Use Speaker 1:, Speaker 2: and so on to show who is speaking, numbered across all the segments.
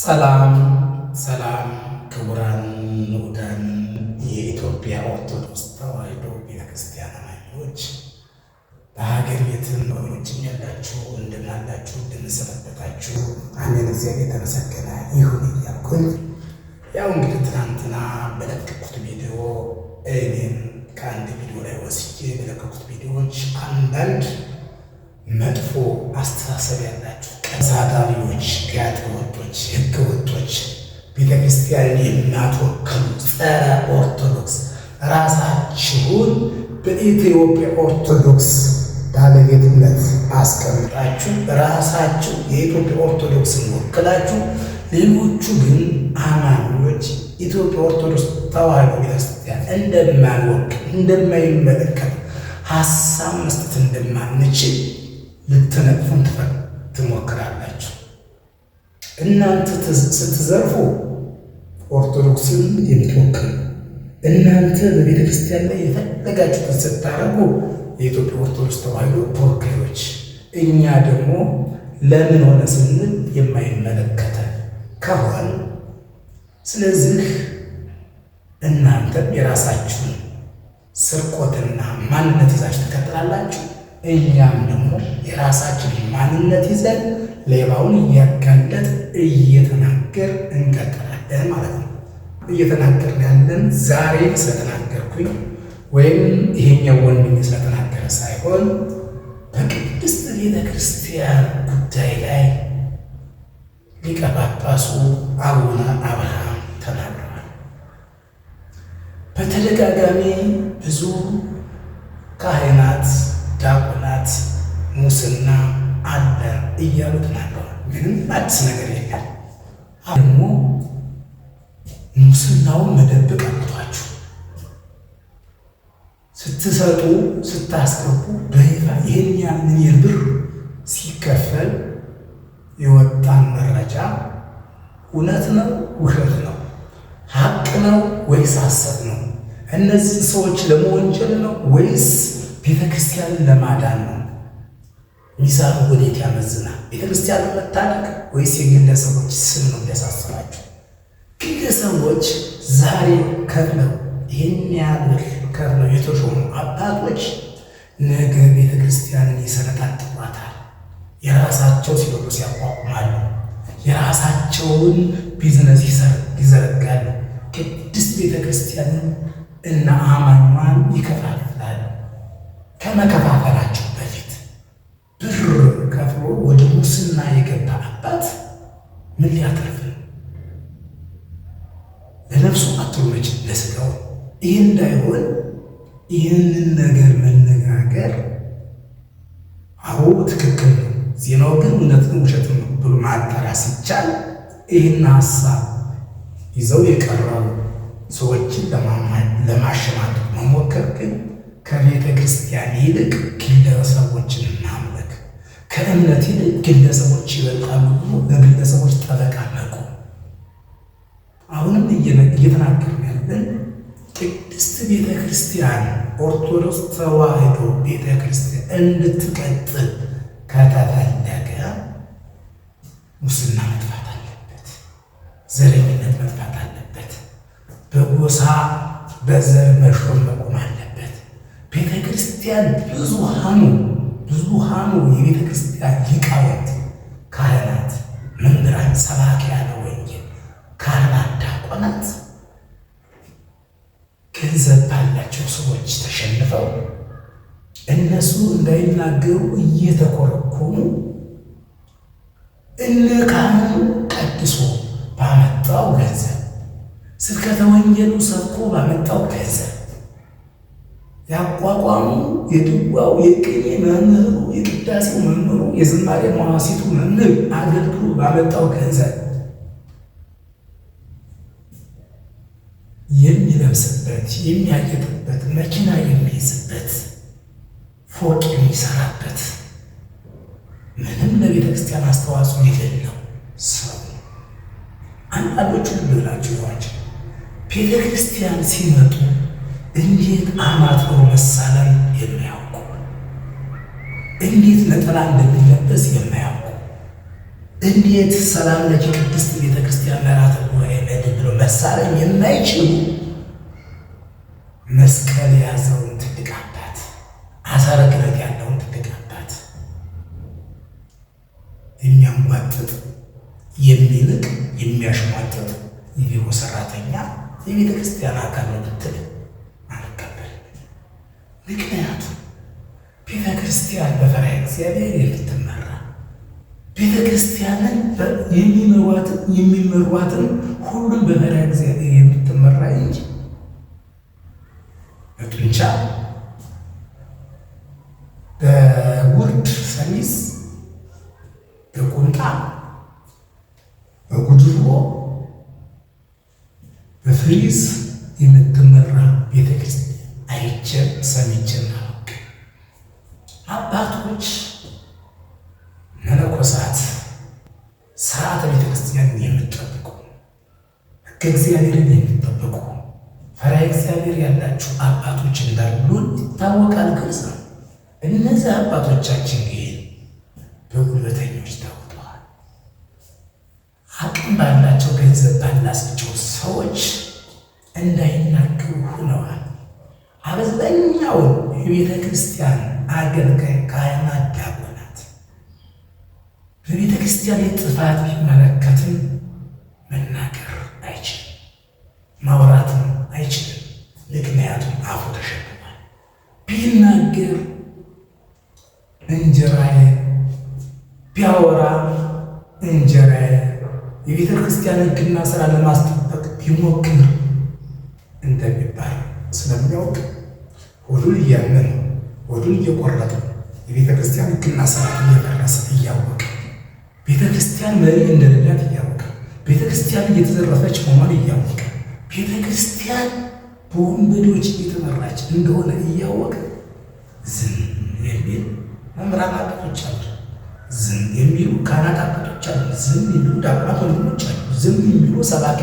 Speaker 1: ሰላም ሰላም ክቡራን ንዑዳን የኢትዮጵያ ኦርቶዶክስ ተዋሕዶ ቤተክርስቲያን አማኞች በሀገር ቤትም በውጭም ያላችሁ እንደምናላችሁ እንደምንሰነበታችሁ አሜን። እግዚአብሔር የተመሰገነ ይሁን እያልኩኝ ያው እንግዲህ ትናንትና በለቀኩት ቪዲዮ እኔም ከአንድ ቪዲዮ ላይ ወስጄ በለቀኩት ቪዲዮዎች አንዳንድ መጥፎ አስተሳሰብ ያላችሁ ተሳታቢዎች፣ ዲያትኖቶች፣ ህገወጦች ቤተክርስቲያንን የምናትወክሉ ጸረ ኦርቶዶክስ ራሳችሁን በኢትዮጵያ ኦርቶዶክስ ባለቤትነት አስቀምጣችሁ ራሳችሁ የኢትዮጵያ ኦርቶዶክስን ወክላችሁ፣ ሌሎቹ ግን አማኞች ኢትዮጵያ ኦርቶዶክስ ተዋህዶ ቤተክርስቲያን እንደማንወክል እንደማይመለከት ሀሳብ መስጠት እንደማንችል ልትነቅፉን ትፈል ትሞክራላችሁ። እናንተ ስትዘርፉ ኦርቶዶክስን የምትሞክሩ እናንተ በቤተ ክርስቲያን ላይ የፈለጋችሁትን ስታደርጉ የኢትዮጵያ ኦርቶዶክስ ተዋሕዶ ተወካዮች፣ እኛ ደግሞ ለምን ሆነ ስንል የማይመለከተን ከሆን ስለዚህ እናንተም የራሳችሁን ስርቆትና ማንነት ይዛችሁ ትቀጥላላችሁ። እኛም ደግሞ የራሳችን ማንነት ይዘን ሌባውን እያጋለጥ እየተናገር እንቀጥላለን ማለት ነው። እየተናገር ያለን ዛሬ ስለተናገርኩኝ ወይም ይሄኛው ወንድም ስለተናገረ ሳይሆን በቅድስት ቤተ ክርስቲያን ጉዳይ ላይ ሊቀ ጳጳሱ አቡነ አብርሃም ተናግረዋል። በተደጋጋሚ ብዙ ካህናት ዳ ሙስና አለ እያሉት ናለው። ምንም አዲስ ነገር የለም። ደግሞ ሙስናውን መደብቅ አቅቷችሁ ስትሰጡ ስታስገቡ በይፋ ይህን ያንን ብር ሲከፈል የወጣን መረጃ እውነት ነው ውሸት ነው ሀቅ ነው ወይስ ሐሰት ነው? እነዚህ ሰዎች ለመወንጀል ነው ወይስ ቤተክርስቲያንን ለማዳን ነው? ሚዛኑ ወዴት ያመዝናል? ቤተክርስቲያን መታደግ ወይስ የግለሰቦች ስም ነው የሚያሳስባቸው? ግለሰቦች ዛሬ ከፍለው ይህን ያህል ከፍለው የተሾሙ አባቶች ነገ ቤተክርስቲያንን ይሰነጣጥቋታል። የራሳቸው ሲኖዶስ ያቋቁማሉ። የራሳቸውን ቢዝነስ ይዘረጋሉ። ቅድስት ቤተክርስቲያንን እና አማኟን ይከፋፍላሉ። ከመከፋፍ ምን ሊያተርፍ ለነፍሱ አትሮች ለስጋው። ይህን እንዳይሆን ይህንን ነገር መነጋገር አዎ ትክክል ነው፣ ዜናው ግን እውነት ነው ውሸት ነው ብሎ ማጣራት ሲቻል ይህን ሀሳብ ይዘው የቀረቡ ሰዎችን ለማሸማት መሞከር ግን ከቤተ ክርስቲያን ይልቅ ግለሰቦችን እናምለክ፣ ከእምነት ይልቅ ግለሰቦች ይበል እየተናገርን ያለ ቅድስት ቤተ ክርስቲያን ኦርቶዶክስ ተዋህዶ ቤተ ክርስቲያን እንድትቀጥል ከተፈለገ ሙስና መጥፋት አለበት፣ ዘረኝነት መጥፋት አለበት፣ በጎሳ በዘር መሾም መቆም አለበት። ቤተ ክርስቲያን ብዙሃኑ ብዙሃኑ የቤተ ክርስቲያን ሊቃውንት ካህናት፣ መምህራን ሰባ ሰዎች ተሸንፈው እነሱ እንዳይናገሩ እየተኮረኮሙ እልካኑ ቀድሶ ባመጣው ገንዘብ ስብከተ ወንጌሉ ሰብኮ ባመጣው ገንዘብ ያቋቋሙ የድዋው የቅኔ መምህሩ የቅዳሴው መምህሩ የዝማሬ መዋሲቱ መምህር አገልግሎ ባመጣው ገንዘብ የሚለብስበት የሚያጌጥበት መኪና የሚይዝበት ፎቅ የሚሰራበት ምንም ለቤተ ክርስቲያን አስተዋጽኦ የሌለው ሰው አንዳንዶቹ ልብላቸው ይሆናቸው ቤተ ክርስቲያን ሲመጡ እንዴት አማትሮ መሳለም የማያውቁ እንዴት ነጠላ እንደሚለበስ የማያውቁ እንዴት ሰላም ለኪ ቅድስት ቤተክርስቲያን መራት ወይነድ ብሎ መሳለም የማይችሉ መስቀል የያዘውን ትልቅ አባት አሳረ ግረት ያለውን ትልቅ አባት የሚያንጓጥጥ የሚልቅ የሚያሽሟጥጥ የቢሮ ሰራተኛ የቤተ ክርስቲያን አካል ነው ብትል አልቀበል። ምክንያቱም ቤተ ክርስቲያን በፈሪሃ እግዚአብሔር የምታ ቤተ ክርስቲያንን የሚመሯትን ሁሉም በመሪያ እግዚአብሔር የምትመራ እንጂ በጡንቻ በውርድ ሰሚስ በቁምጣ በጉድሮ በፍሪዝ የምትመራ ቤተክርስቲያን አይቼም ሰምቼም አላውቅም። አባቶች ከእግዚአብሔር የሚጠበቁ ፈሪሃ እግዚአብሔር ያላችሁ አባቶች እንዳሉን ይታወቃል። ግልጽ ነው። እነዚህ አባቶቻችን ግን በጉልበተኞች ተውጠዋል። አቅም ባላቸው ገንዘብ ባላቸው ሰዎች እንዳይናገሩ ሆነዋል። አብዛኛውን የቤተ ክርስቲያን አገልጋይ ካህናት፣ ዲያቆናት በቤተ ክርስቲያን የጥፋት ቢመለከትም መናገር ማውራትም አይችልም። ምክንያቱም አፉ ተሸክሟል። ቢናገር እንጀራዬ፣ ቢያወራ እንጀራዬ፣ የቤተ ክርስቲያን ሕግና ስራ ለማስጠበቅ ቢሞክር እንደሚባል ስለሚያውቅ ሆዱን እያመነ ሆዱን እየቆረጠ የቤተ ክርስቲያን ሕግና ስራ እየፈረሰ እያወቀ ቤተ ክርስቲያን መሪ እንደሌላት እያወቀ ቤተ ክርስቲያን እየተዘረፈች መሆኗን እያወቀ ቤተ ክርስቲያን በወንበዴዎች እየተመራች እንደሆነ እያወቀ ዝም የሚል መምህራን አባቶች አሉ። ዝም የሚሉ ካህናት አባቶች አሉ። ዝም የሚሉ ዲያቆናት ወንድሞች አሉ። ዝም የሚሉ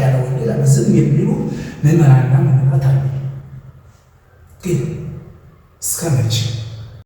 Speaker 1: ያለ ወንጌል አሉ። ዝም የሚሉ ምዕመናንና ምዕመናት አሉ። ግን እስከ መቼ